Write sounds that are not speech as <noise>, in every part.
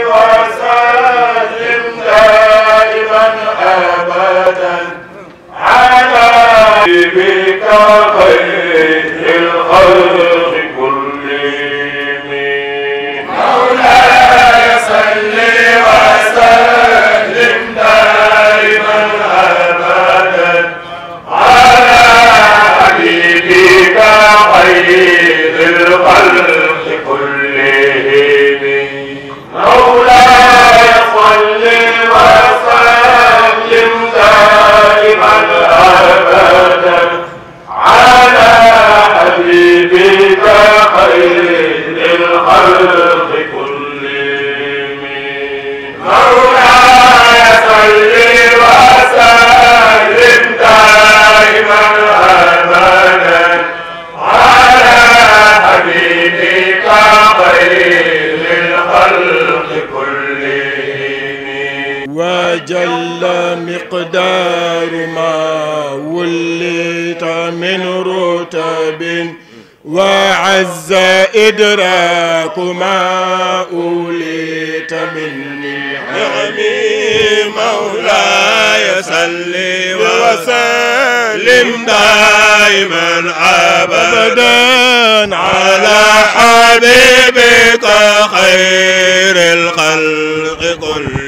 وسلم دائما أبدا على حبيبك خير جل مقدار ما وليت من رتب وعز إدراك ما أوليت من نعم مولاي صل وسلم دائما أبدا على حبيبك خير الخلق كله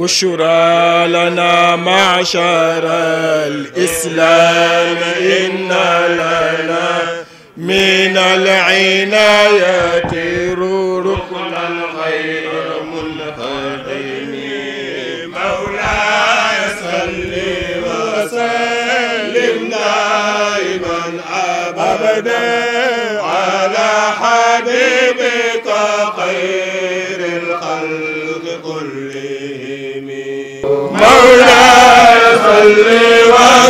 بشرى لنا معشر الإسلام إن لنا من العناية ركن الخير منهدم مولاي صل وسلم دائما أبدا مولاي صل وسلم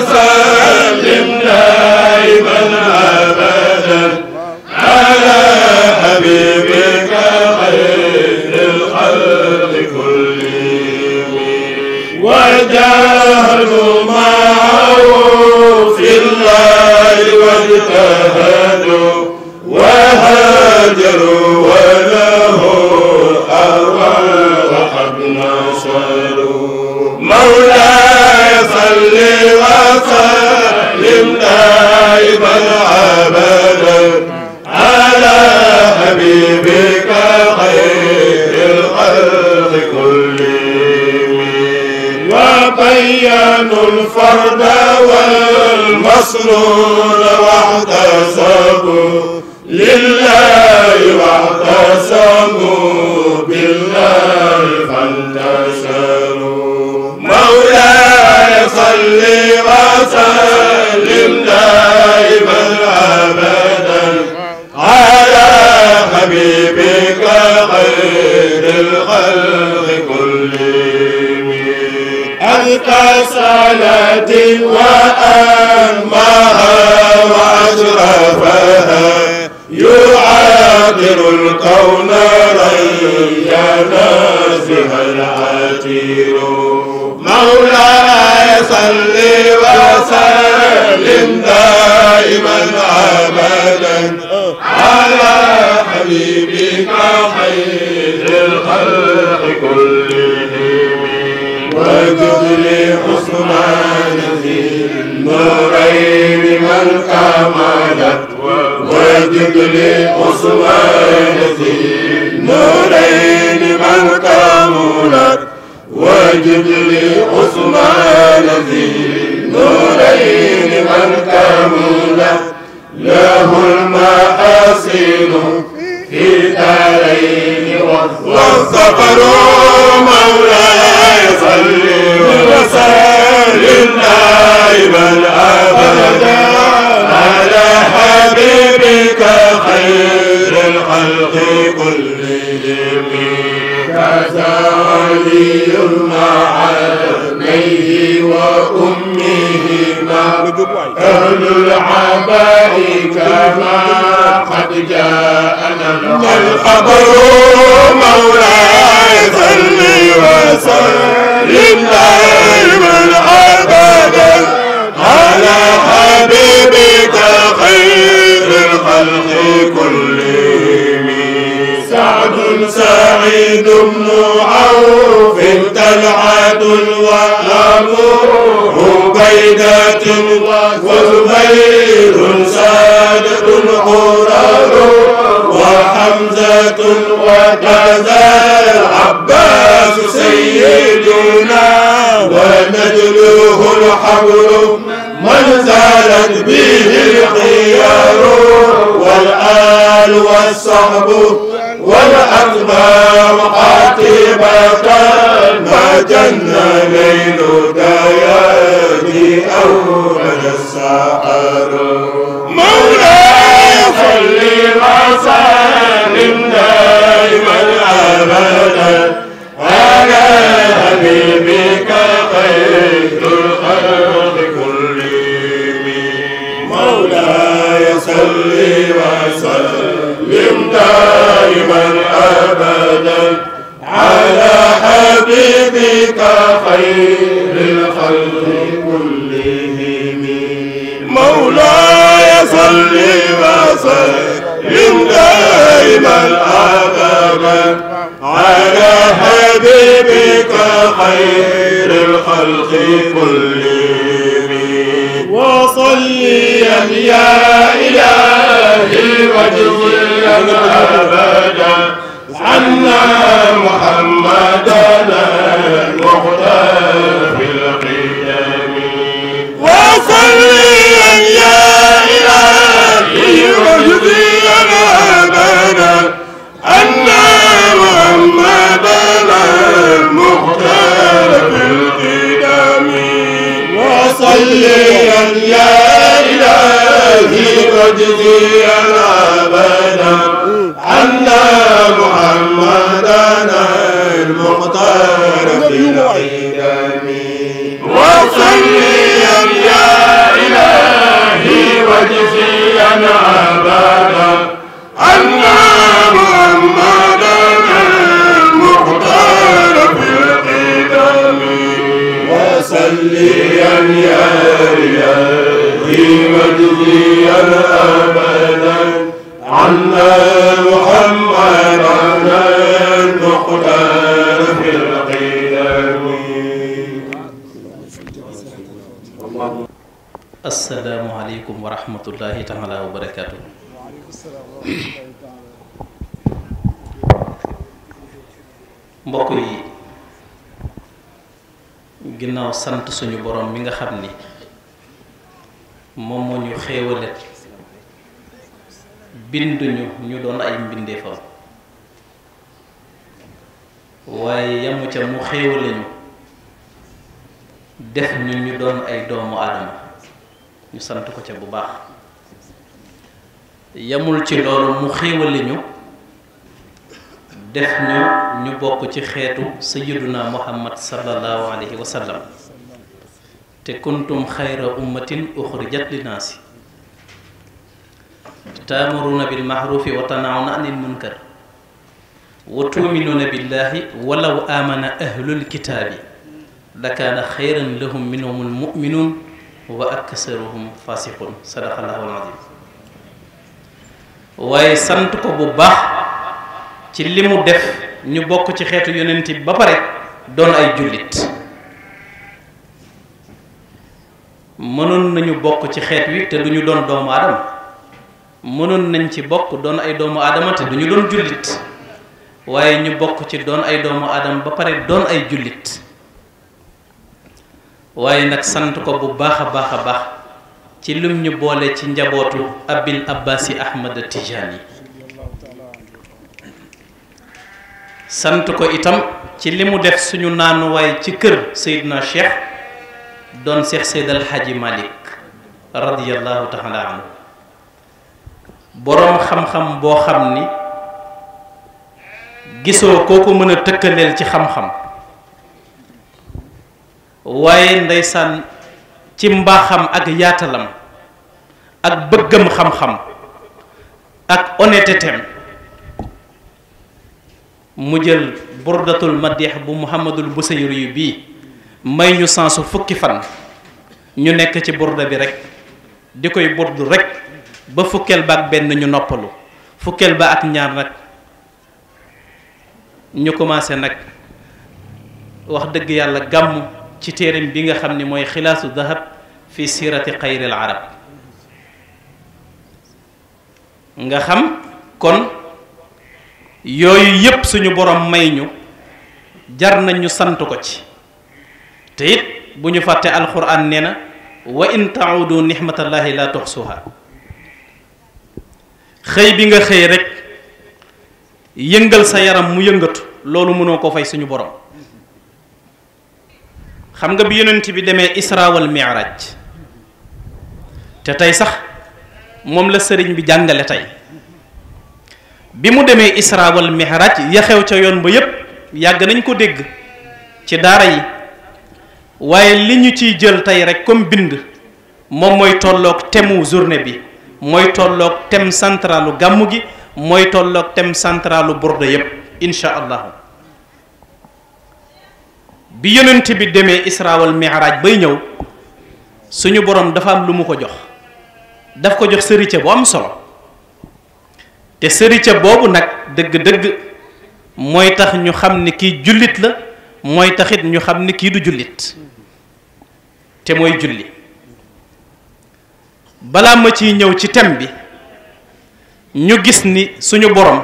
رزق صلاة وأمها وأشرفها يعابر الكون ريانا فيها العتير مولاي صل وسلم دائما أبدا على حبيبك خير الخلق كلهم عثمان ذي النورين من كملت وجد لعثمان ذي النورين من كملت وجد لعثمان ذي النورين من كملت له المآسين في دارين والظفر ولي مع ابنيه وأمهما أهل العباء كما قد جاءنا الخبر مولاي صل وسلم زينة وزبير سادة عراد وحمزة وكذا العباس سيدنا ونجله الحبل من زالت به الخيار والآل والصحب والأتباع عاقبة ما جن ليله أول السحر مولاي صلي وسلم دائما أبدا على حبيبك خير الخلق كلهم مولاي صلي وسلم دائما أبدا على حبيبك خير صل وسلم دائما ابدا على حبيبك خير الخلق كلهم وصليا يا الهي واجزيا ابدا عنا محمد المختار في القدم وصليا يا إلهي مجزيا أبدا عنا محمدنا المختار في القدم وصليا يا إلهي مجزيا أبدا عنا asalaamaaleykum wa rahmatullahi taala wa barakaatu mbokk yi ginnaaw sant suñu borom mi nga xam ni moom moo ñu xéewale binduñu ñu doon ay mbindeefam waaye yamu ca mu xéewale ñu def ñu ñu doon ay doomu aadama ñu sant ko ca bu baax yamul ci loolu mu xéewale def ñu ñu bokk ci xeetu sayyiduna muhammad sallallahu alayhi wa sallam te kuntum xayra ummatin uxrijat linaasi taamuruna bil maxrufi wa tanaawna anil munkar wa tuuminuuna billahi walaw aamana ahlul kitaabi lakaana xayran lahum minhum almuminuun wa aksaruhum fasiqun sadaqallahu alazim waaye sant ko bu baax ci li mu def ñu bokk ci xeetu yonent bi ba pare doon ay jullit mënoon nañu bokk ci xeet wi te du doon doomu aadama mënoon nañ ci bokk doon ay doomu aadama te du doon jullit waaye ñu bokk ci doon ay doomu aadama ba pare doon ay jullit waaye nag sant ko bu baax a baax a baax ci lim ñu boole ci njabootu abil abbasi ahmad yi sant ko itam ci li mu def suñu naanuwaay ci kër Seydina Cheikh doon Cheikh Seyd al malik Malick radiyallahu boroom xam-xam boo xam ni gisoo koo ko mën a tëkkaleel ci xam-xam waaye ndeysaan ci mbaaxam ak yaatalam ak bëggam xam-xam ak honnêteté مجل بردة المديح بو محمد البسيري بي ماي نيو سانسو فكي فان نيو نيك تي بردة بي ريك ديكوي برد ريك با فوكل باك بن نيو نوبلو فوكل با اك نيار نك نيو كومانسي نك واخ دغ يالا غام تي تيرم بيغا خامني موي خلاص الذهب في سيرة قير العرب nga xam kon yooyu yépp suñu borom may ñu jar nañu sant ko ci te it bu ñu fàtte alxuraan nee na wa in taudu nixmatallahi la tuxsuha xëy bi nga xëy rek yëngal sa yaram mu yëngatu loolu mënoo ko fay suñu borom xam nga bi yonent bi demee isra wal mi'raj te tey sax moom la sëriñ bi jàngale tey bi mu demee isra wal mihraj ya ca yoon ba yépp yàgg nañ ko dégg ci daara yi waaye li ñu ciy jël tey rek comme bind moom mooy tolloog temu journée bi mooy tolloog thème centralu gàmmu gi mooy tolloog thème centralu burde yépp incha allahu bi yonent bi demee isra wal mihraj bay ñëw suñu borom dafa am lu mu ko jox daf ko jox sërice bu am solo te sëricë boobu nag dëgg-dëgg mooy tax ñu xam ni kii jullit la mooy taxit ñu xam ni kii du jullit te mooy julli balaa ma ciy ñëw ci tem bi ñu gis ni suñu borom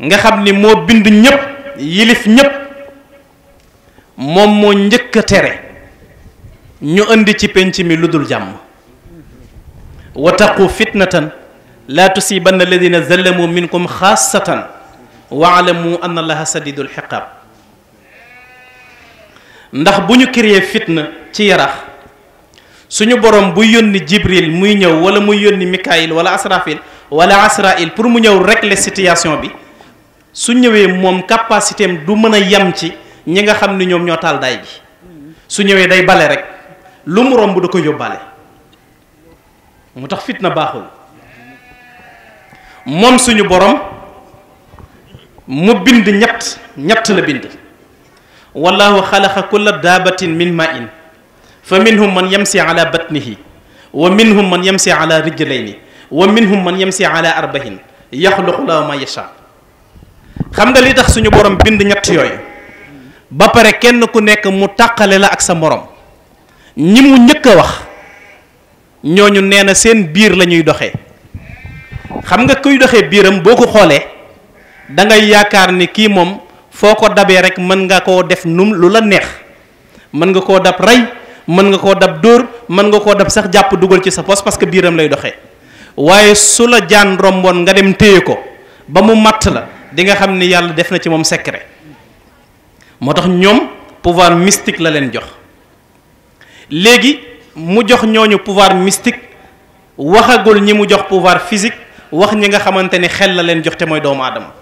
nga xam ni moo bind ñépp yilif ñépp moom moo njëkk tere ñu indi ci penc mi lu dul jàmm wa taqu fitnatan لا تصيبن الذين ظلموا منكم خاصة واعلموا أن الله سديد الحقاب ndax buñu créer fitna ci yarax suñu borom bu yónni jibril muy ñëw wala muy yónni mikail wala asrafil wala asrail pour mu ñëw rek les situation bi su ñewé mom capacité du mëna yam ci ñi nga xamni ñom ño tal day bi su ñewé day bale rek lu mu romb da ko yobalé mu fitna baxul moom suñu borom mu bind ñett ñett la bind wallahu xalaqa kulla daabatin min ma in fa minhum man yamsi ala batnihi wa minhum man yamsi ala rijlayni wa minhum man yamsi ala arbahin yaxluqu la ma yasha xam nga li tax suñu borom bind ñett yooyu ba pare kenn ku nekk mu tàqale la ak sa morom ñi mu njëkk a wax ñooñu nee na seen biir la ñuy doxee xam nga kuy doxé biram, boko xolé da ngay yakar ni ki mom foko dabé rek man nga ko def num lula neex man nga ko dab ray man nga ko dab dor man nga ko dab sax japp dugal ci sa poste parce que biram lay doxé waye sula jaan rombon nga dem teyé ko ba mu mat la di nga xamni yalla def na ci mom secret motax ñom pouvoir mystique la len jox légui mu jox ñoñu pouvoir mystique waxagul ñi mu jox pouvoir physique wax ñi nga xamante ni xel la leen jox te mooy doomu aadama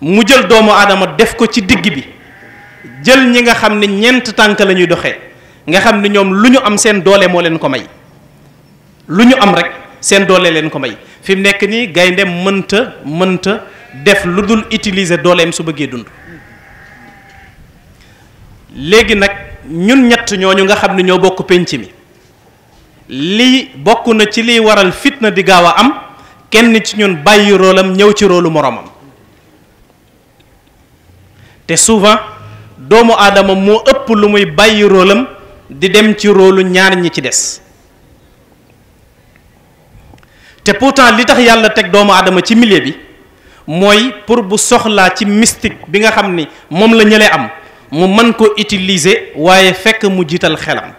mu jël doomu aadama def ko ci digg bi jël ñi nga xam ne ñeent tànk lañuy ñuy doxee nga xam ni ñoom lu ñu am seen doole moo leen ko may lu ñu am rek seen doole leen ko may fi nekk nii gaynde mënta mënta def lu dul utiliser dooleem su bëggee dund léegi nag ñun ñett ñooñu nga xam ne ñoo bokk pénc mi lii bokk na ci liy waral fitna di gaaw a am kenn ci ñun bàyyi roolam ñëw ci roolu moroomam te souvent doomu aadama moo ëpp lu muy bàyyi roolam di dem ci roolu ñaar ñi ci des te pourtant li tax yàlla teg doomu aadama ci milieu bi mooy pour bu soxlaa ci mystique bi nga xam ni moom la ñële am mu mën ko utilise waaye fekk mu jiital xelam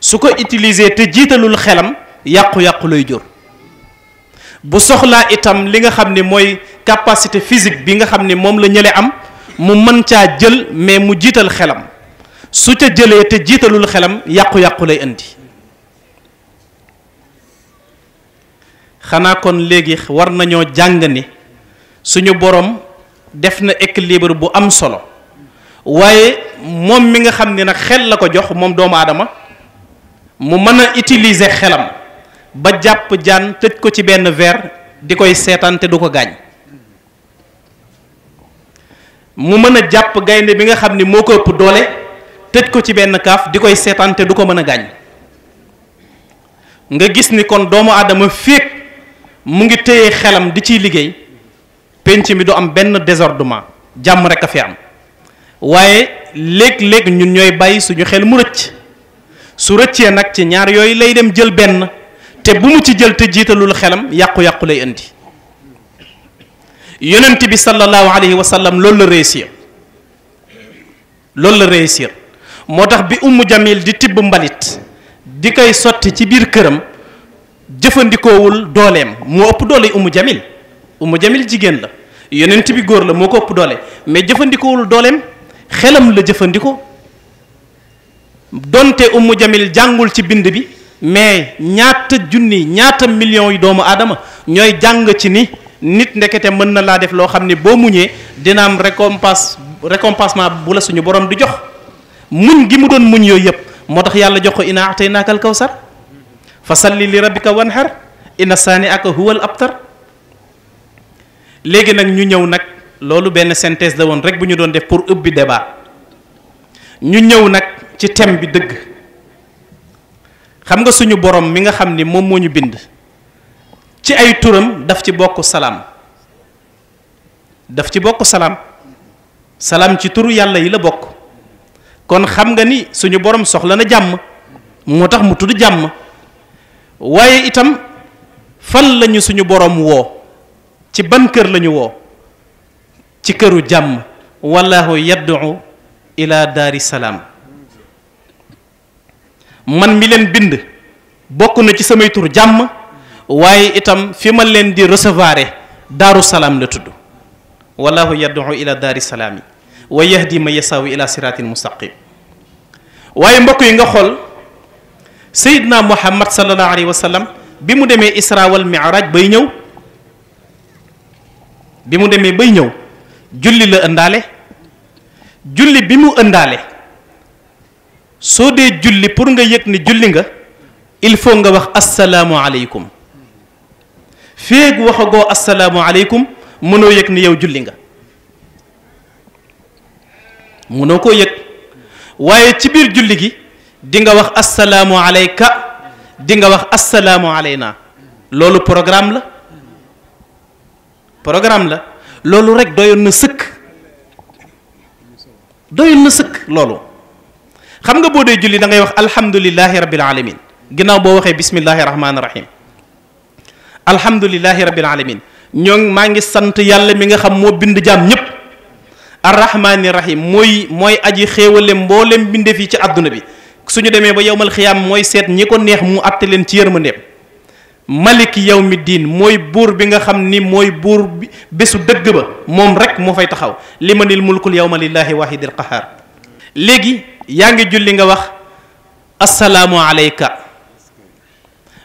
su ko utiliser te jiitalul xelam yàqu-yàqu lay jur bu soxlaa itam li nga xam ne mooy capacité physique bi nga xam ne moom la ñële am mu mën caa jël mais mu jiital xelam su ca jëlee te jiitalul xelam yàqu-yàqu lay indi xanaa kon léegi war nañoo jàng ni suñu borom def na équilibre bu am solo waaye moom mi nga xam ne nag xel la ko jox moom doomu aadama mu mën a utiliser xelam ba jàpp jaan tëj ko ci benn verre di koy seetaan te du ko gaañ mu mën a jàpp gaynde bi nga xam ni moo ko ëpp doole tëj ko ci benn kaaf di koy seetaan te du ko mën a gaañ nga gis ni kon doomu aadama féeg mu ngi téye xelam di ciy liggéey penc mi du am benn désordement jàmm rek a fi am waaye léeg-léeg ñun ñooy bàyyi suñu xel mu rëcc su rëccee nag ci ñaar yooyu lay dem jël benn te bu mu ci jël te jiitalul xelam yàqu-yàqu lay indi yonent bi sallallahu alayhi wa sallam loolu la réussir loolu la réussir moo tax bi ummu jamil di tibb mbalit di koy sotti ci biir këram jëfandikoowul dooleem moo ëpp doole ummu jamil ummu jamil jigéen la yonent bi góor la moo ko ëpp doole mais jëfandikoowul dooleem xelam la jëfandikoo donte ummu jamil jàngul ci bind bi mais ñaata junni ñaata millions yu doomu aadama ñooy jàng ci ni nit ndekete mën na laa def loo xam ne boo muñee dina am récompense récompensement bu la suñu borom di jox muñ gi mu doon muñ yooyu yëpp moo tax yàlla jox ko inaa ataynaaka al kawsar fa salli li rabbika wanhar inna saani aka huwal abtar léegi nag ñu ñëw nag loolu benn synthèse da woon rek bu ñu doon def pour ubbi débat ñu ñëw nag ci thème bi dëgg xam nga suñu boroom mi nga xam ni moom moo ñu bind ci ay turam daf ci bokk salaam daf ci bokk salaam salaam ci turu yàlla yi la bokk kon xam nga ni suñu borom soxla na jàmm moo tax mu tudd jàmm waaye itam fan lañu suñu boroom woo ci ban kër lañu woo ci këru jàmm wallahu yaddu ila daari salaam man mi len bind bokku na ci samay tour jàmm waye itam fi ma len di recevoir daru salam la tuddu wallahu yad'u ila daari salaami wa yahdi ma yasawi ila siratin mustaqim waye mbokk yi nga xol sayyidna muhammad sallallahu alayhi wa sallam bi mu deme isra wal mi'raj bay ñëw bi mu deme bay ñëw julli la andale julli bi mu andale soo dee julli pour nga yëg ni julli nga il faut nga wax asalaamualeykum feeg waxagoo asalaamualeykum mënoo yëg ni yow julli nga mënoo koo yëg waaye ci biir julli gi dinga wax asalaamualeyka di dinga wax asalaamualeyna loolu programme la programme la loolu rek doyoon na sëkk doyoon na sëkk loolu. xam nga boo dee julli da ngay wax alhamdulilahi rabil alamin ginnaaw boo waxee bismillahi rahmaani rahim alhamdulilahi rabil alamin ñoo maa ngi sant yàlla mi nga xam moo bind jaam ñëpp arrahmaani rahim mooy mooy aji xéewale mboolem binde yi ci àdduna bi suñu demee ba yowmal xiyaam mooy seet ñi ko neex mu àtte leen ci yërmandeem malik yawmi diin mooy buur bi nga xam ni mooy buur bésu dëgg ba moom rek moo fay taxaw limanil mulkul yawma lillahi wahidil qahar léegi yaa ngi julli nga wax assalaamu alayka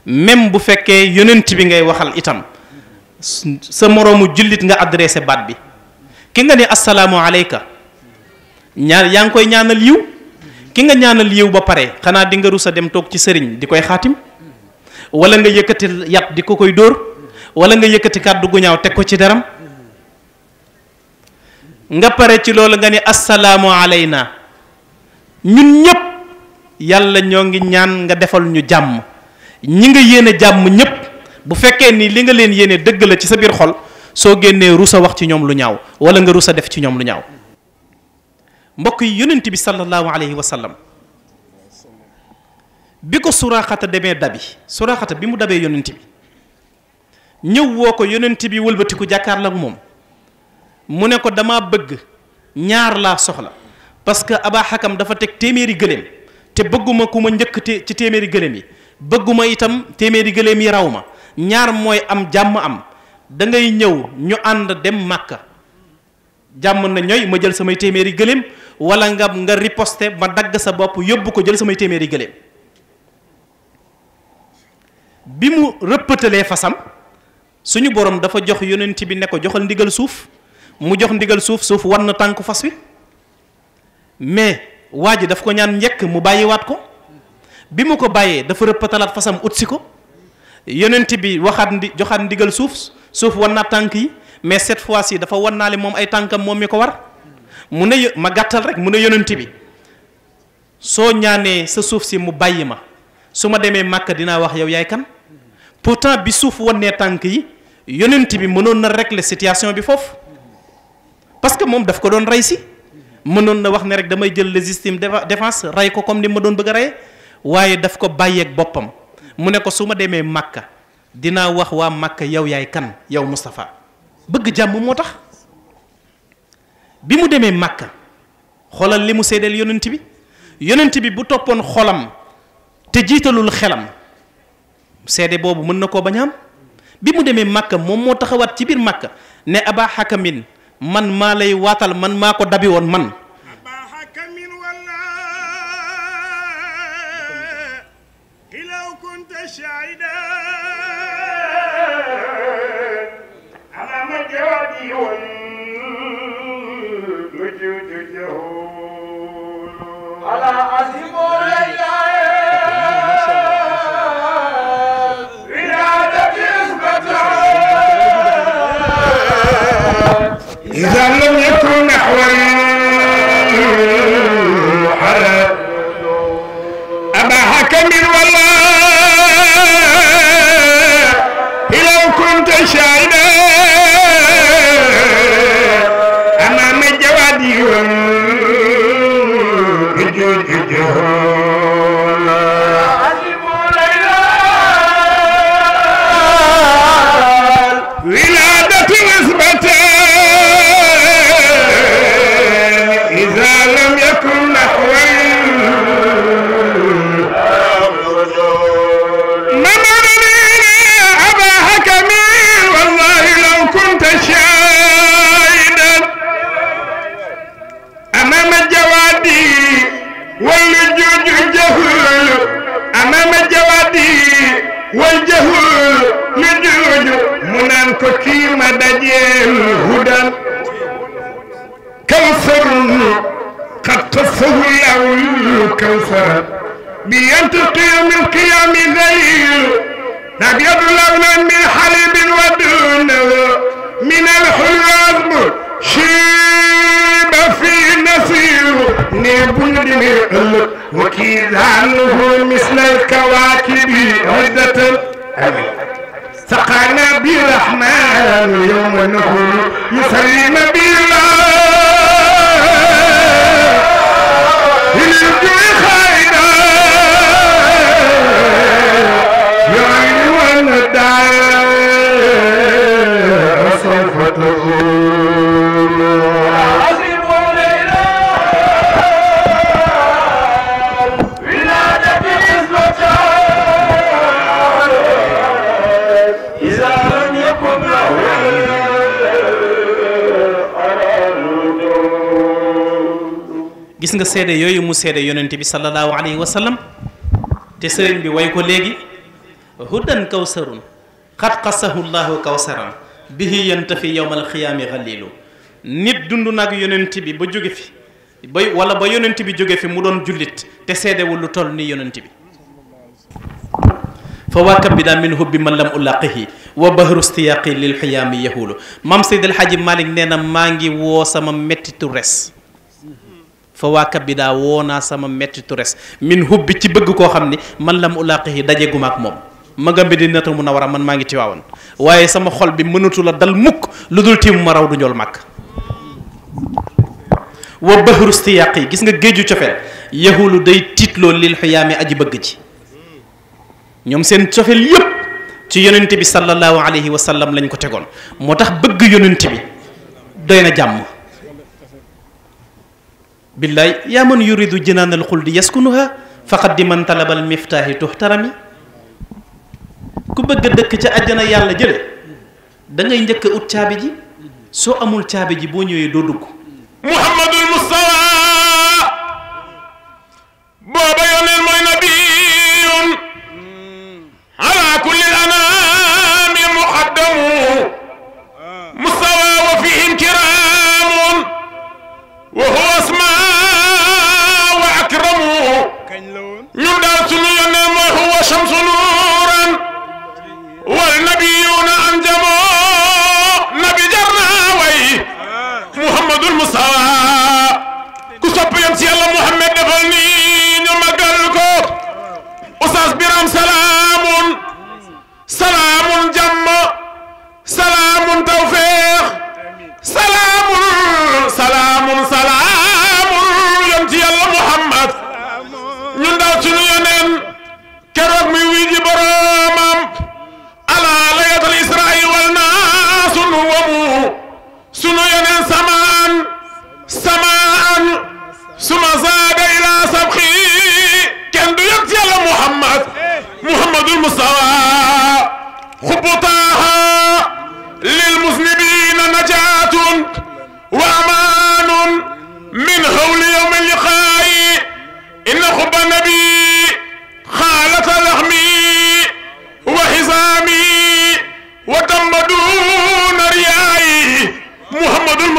même bu fekkee yonent bi ngay waxal itam sa moroomu jullit nga adressé baat bi ki nga ne assalaamu alayka ñaan yaa ngi koy ñaanal yiw ki nga ñaanal yiw ba pare xanaa di nga rusa dem toog ci sëriñ di koy xaatim wala nga yëkkati yat di ko koy dóor wala nga yëkkati kàddu gu ñaaw teg ko ci deram nga pare ci loolu nga ne assalaamu alayna ñun ñëpp yàlla ñoo ngi ñaan nga defal ñu jàmm ñi nga yéene jàmm ñëpp bu fekkee ni li nga leen yéene dëgg la ci sa biir xol soo génnee rusa wax ci ñoom lu ñaaw wala nga a def ci ñoom lu ñaaw mbokk yi yonent bi sallallahu alayhi wa sallam bi ko suraxata demee dabi suraxata bi mu dabee yonent bi ñëw woo ko yonent bi wëlbatiku jàkkaarloo ak moom mu ne ko dama bëgg ñaar laa soxla parce que Abaa Xakam dafa teg téeméeri gëléem te bëgguma ku ma njëkk ci téeméeri gëléem yi bëgguma itam téeméeri gëléem yi raw ma ñaar mooy am jàmm am da ngay ñëw ñu ànd dem màkka jàmm na ñooy ma jël samay téeméeri gëléem wala nga nga riposte ma dagg sa bopp yóbbu ko jël samay téeméeri gëléem bi mu rëppatalee fasam suñu borom dafa jox yonent bi ne ko joxal ndigal suuf mu jox ndigal suuf suuf wan na tànku fas wi mais waa ji daf ko ñaan njëkk mu bàyyiwaat ko bi mu ko bàyyee dafa rëppatalaat fasam ut si ko yonent bi waxaat ndi joxaat ndigal suuf suuf wan naa tànk yi mais cette fois ci dafa wan naale moom ay tànkam moom mi ko war mu ne ma gàttal rek mu ne yonent bi soo ñaanee sa suuf si mu bàyyi ma su ma demee màkk dinaa wax yow yaay kan pourtant bi suuf wannee tànk yi yonent bi mënoon na régler situation bi foofu parce que moom daf ko doon rey si mënon na wax ne rek damay jël légitime défense ray ko comme ni ma doon bëgg ray waye daf ko ak bopam mu ne ko suma démé Makka Dina wax Wah Makka yow yaay kan yow mustafa bëgg jamm motax bi mu démé Makka xolal Limu sédel yonent bi yonent bi bu topon xolam te jitalul xelam sédé bobu mën nako bañam bi mu démé Makka mom mo taxawat ci bir Makka ne Aba Hakamin man maa lay waatal man maa ko dabi woon man ಕೊಂಡಿರುವಲ್ಲ gis nga seede yooyu mu sédé yonente bi sallallahu alayhi wa sallam te sérigne bi way ko léegi hudan kawsarun qad qasahu allah kawsaran bihi yantafi yawm al alqiyaami xalilu nit dundu nak yonent bi ba jóge fi bay wala ba yonent bi jóge fi mu don julit te sédé wu lu toll ni yonent bi فواكب بدا bi daa min hubbi man lam ulaqihi wa bahru stiyaqi lil xiyaami yahulu maam Seydil Hadji متي nee na فواك بدا وونا سما متي توريس من حب تي بغ كو خامني من لم الاقيه داجي غماك موم ماغا بيدي نتو منورا من ماغي تي واون واي سما خول بي منوتو لا دال موك لودول تي مراو دو نيول ماك وبحر استياقي غيسغا جيجو تيوفل يهول داي تيتلو للحيام ادي بغ تي نيوم سين تيوفل ييب تي يونتي بي صلى الله عليه وسلم لا نكو تيغون موتاخ بغ يونتي بي دينا جامو بالله يا من يريد جنان الخلد يسكنها فقد من طلب المفتاح تحترمي كو بغ دك تي ادنا يالا جيل دا ngay ñëk ut tiabi ji so amul tiabi ji bo ñëwé do dugg محمد المصطفى بابا يا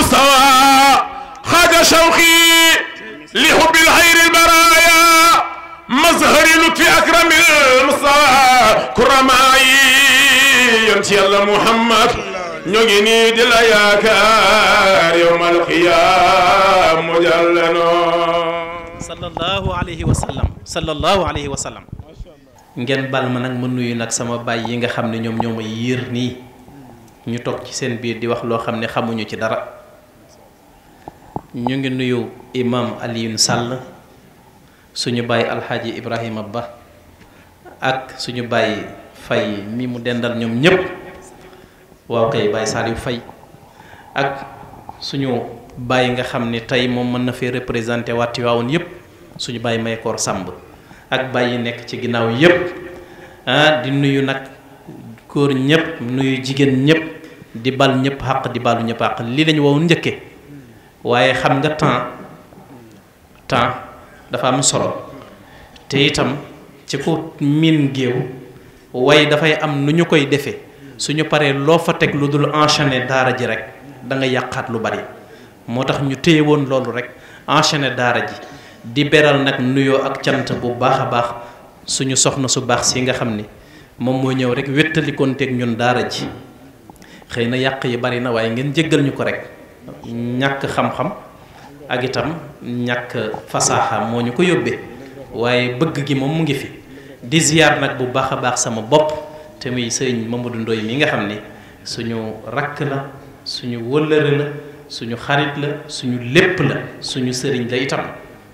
المستوى حاجة شوقي لحب الغير البرايا مظهر لطفي اكرم المصطفى كرماي انت يلا محمد نجني دلا يا يوم القيام مجلنا صلى الله عليه وسلم صلى الله عليه وسلم ngen bal man nak munuy nak sama bay yi nga xamne ñom ñoma yir ni ñu tok ci seen biir di wax lo xamne xamuñu ci dara ñu ngi nuyu imam Alioune Sall suñu bàyyi alxaaji Ibrahima Ba ak suñu bàyyi fay mi mu dendal ñoom ñëpp waaw kay bàyyi Saliou Fay ak suñu bàyyi nga xam ni tey moom mën na fee représenté waa Tiwaawoon yëpp suñu bàyyi Maykoor Samb ak bàyyi nekk ci ginnaaw yëpp ah di nuyu nag góor ñëpp nuyu jigéen ñëpp di bal ñëpp xaq di balu ñëpp xaq lii lañu wow njëkke waaye xam nga temps temps dafa am solo te itam ci ku miin géew way dafay am nu ñu koy defee suñu paree loo fa teg lu dul enchaîner daara ji rek da nga yàqaat lu bari moo tax ñu téye woon loolu rek enchaîner daara ji di beral nag nuyoo ak cant bu baax a baax suñu soxna su baax si nga xam ni moom mooy ñëw rek teg ñun daara ji xëy na yàq yi bari na waaye ngeen jéggal ñu ko rek ñàkk xam-xam ak itam ñàkk fasaaxa moo ñu ko yóbbee waaye bëgg gi moom mu ngi fi di nag bu baax a baax sama bopp te muy sëñ Mamadou Ndoye mi nga xam ni suñu rakk la suñu wëllëre la suñu xarit la suñu lépp la suñu sëriñ la itam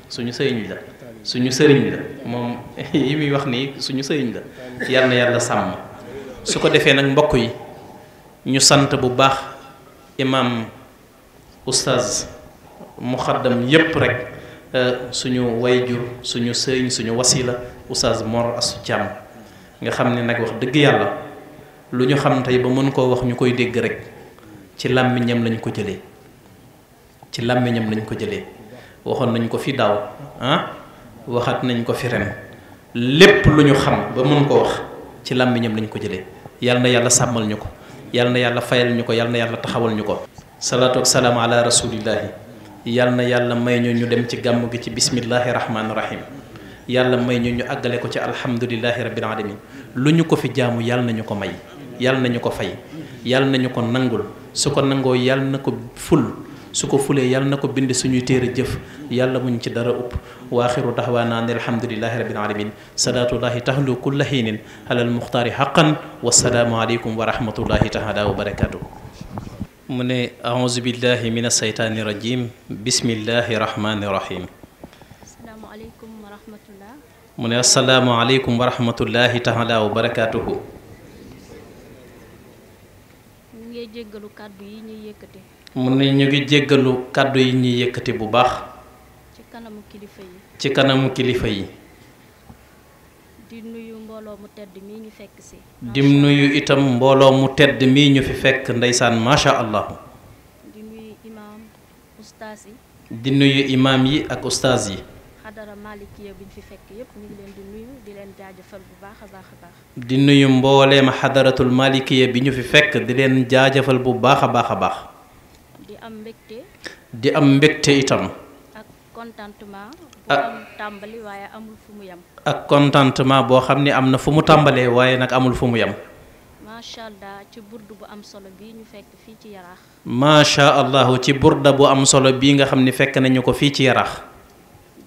suñu sëriñ la sëriñ la moom <laughs> yi muy wax nii suñu sëriñ la yal na yàlla sàmm su ko defee nag mbokk yi ñu sant bu baax imam mu muxaddam yépp rek eh, suñu wayjur suñu sëriñ suñu wasila oustaz Mor Astou Thiam nga xam ne nag wax dëgg yàlla lu ñu xam tey ba mën koo wax ñu koy dégg rek ci làmmiñam lañu ko jële ci làmmiñam lañ ko jëlee waxoon nañ ko fi daaw ah waxaat nañ ko fi ren lépp lu ñu xam ba mën koo wax ci làmmiñam lañ ko jëlee yal na yàlla sàmmal ñu ko yal na yàlla fayal ñu ko yal na yàlla taxawal ñu ko salaatu wasalaam ala rasulillahi yal na yàlla may ñu ñu dem ci gàmm gi ci bismillahi rahmaani rahim yàlla may ñu ñu àggale ko ci alhamdulillahi rabbil alamin lu ñu ko fi jaamu yàlla nañu ko may yàlla nañu ko fay yàlla nañu ko nangul su ko nangoo yàlla na ko ful su ko fulee yàlla na ko bind suñuy téere jëf yàlla muñ ci dara upp waaxiru daxwaana an alhamdulillahi rabbil alamin salaatullahi taxlu kulla xiinin alal muxtaari xaqan wasalaamu aleykum wa rahmatullahi taala wa barakatuh من أعوذ بالله من الشيطان الرجيم بسم الله الرحمن الرحيم السلام عليكم ورحمة الله من السلام عليكم ورحمة الله تعالى وبركاته من يجي جعلو كادو يني يكتي من يجي جعلو كادو يني يكتي بباخ تكنا مكلفي تكنا مكلفي di nuyu nuyu itam mbooloo mu tedd mii ñu fi fekk ndeysaan macha allah. di nuyu imaam yi. di nuyu imaam yi ak ustaas yi. di nuyu di leen jaajëfal xadaratul malikiya bi ñu fi fekk di leen jaajëfal bu baax a baax a baax. di am am mbégte itam. ak contentement. bu am ak contentement boo xam ne am na fu mu tàmbalee waaye nag amul fu mu yem. macha allah ci burda bu am solo bi ñu fekk fii ci yaraax. bu am solo bii nga xam ni fekk nañu ko fii ci yaraax.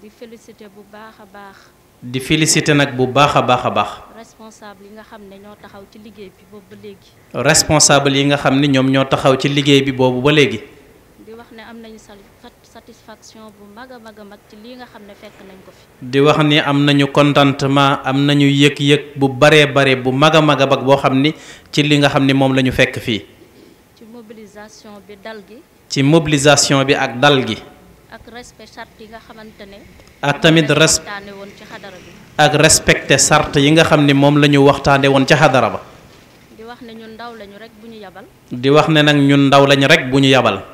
di félicité bu baax a baax. di félicité nag bu baax a baax a baax. responsable yi nga xam ne ñoo taxaw ci liggéey bi boobu yi nga xam ni ñoom ñoo taxaw ci liggéey bi boobu ba léegi. satisfaction bu mag a mag nga xam ne di wax ni am nañu contentement am nañu yëg-yëg bu baree bare bu mag a mag a mag boo xam ni ci li nga xam ni moom lañu fekk fii. ci mobilisation bi dal gi. ci mobilisation bi ak dal gi. ak respect charte yi nga xamante ne. ak tamit respect ci xadara yi nga xam ni moom la ñu waxtaane woon ca xadara ba. di wax ne ñun ndaw lañu rek di wax ne nag ñun ndaw lañu rek bu ñu yabal.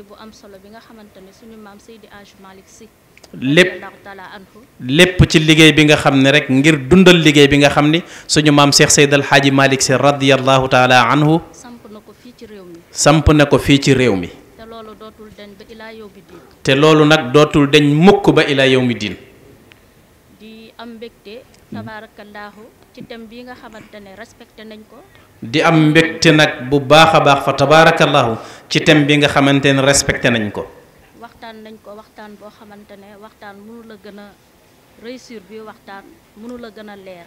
liggéey bu am solo bi nga xamante ne suñu maam Seydi Hadji Malick Sy lépp lépp ci liggéey bi nga xam ne rek ngir dundal liggéey bi nga xam ni suñu maam Cheikh Seydi El Hadji Malick Sy radiyallahu taala anhu samp na ko fii ci réew mi samp na ko fii ci réew mi te loolu dootul dañ ba ilaa yawmi diin te loolu nag dootul dañ mukk ba ilaa yawmi diin di am mbégte tabaarakallaahu ci thème bi nga xamante ne nañ ko di am mbégte nag bu baax a baax fa tabaarakallaahu ci thème bi nga xamante ne respecté nañ ko. waxtaan nañ ko waxtaan boo xamante ne waxtaan mënu la gën a réussir waxtaan mënu la gën a leer.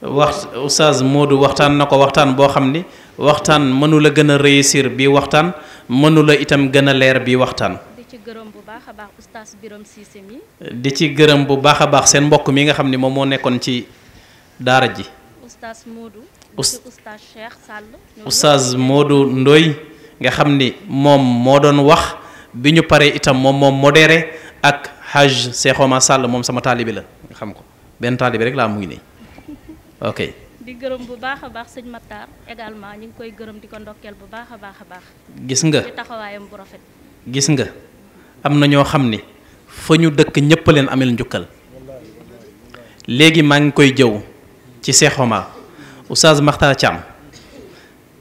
wax Oustaz Modou waxtaan na ko waxtaan boo xam ni waxtaan mënu la gën a réussir bi waxtaan mënula itam gën a leer bi waxtaan. di ci gërëm bu baax a baax Oustaz Biram Cissé mi. di ci gërëm bu baax a baax seen mbokk mi nga xam ni moom moo nekkoon ci daara ji. oustaz Modou Ndoy nga xam ni moom moo doon wax bi ñu paree itam moom moom modéré ak haj Seexooma Sàll moom sama taalibi la nga xam ko benn taalibi rek laa mu ngi nii ok. di gërëm bu baax a baax ngi koy gërëm ko ndokkeel bu gis nga ci gis nga am na ñoo xam ni fa ñu dëkk ñëpp leen amel njukkal léegi maa ngi koy jëw ci Seexooma Oustaz Makhtar Thiam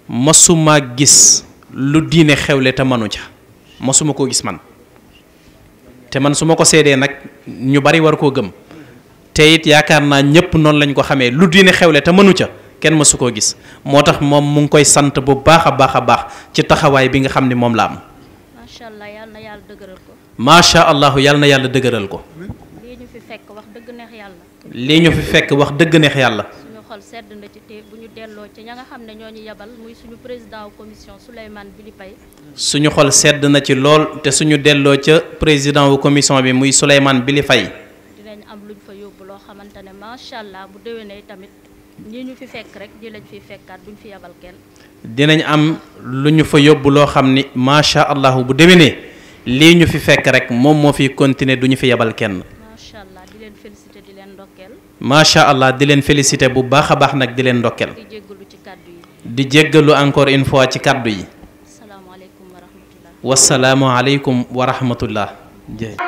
mosuma gis lu diine xewle te manu ca masuma koo gis man te man su ma ko seedee nag ñu bari war koo gëm te it yaakaar naa ñëpp noonu lañ ko xamee lu diine xewle te mënu ca kenn mësu koo gis moo tax moom mu ngi koy sant bu baax a baax a baax ci taxawaay bi nga xam ne moom la am. macha allah na yàlla dëgëral ko. yal na yàlla dëgëral ko. lii ñu fi fekk wax dëgg neex yàlla. lii ñu fi fekk wax dëgg neex yàlla. sedd na ci te bu ñu delloo ci ña nga xam ne ñoo ñu yebal muy suñu président wu commission Souleymane Bili Paye. suñu xol sedd na ci lool te suñu delloo ca président wu commission bi muy Souleymane Bili Paye. dinañ am luñ fa yóbbu loo xamante ne macha allah bu déwénee tamit ñi ñu fi fekk rek ñi lañ fi fekkaat duñ fi yabal kenn. dinañ am lu ñu fa yóbbu loo xam ni macha allah bu déwénee lii ñu fi fekk rek moom moo fi continuer du ñu fi yabal kenn. macha allah di leen félicité bu baax a baax nag di leen ndokkeel di jéggalu encore une fois ci kàddu yi wasalaamualeykum wa rahmatullah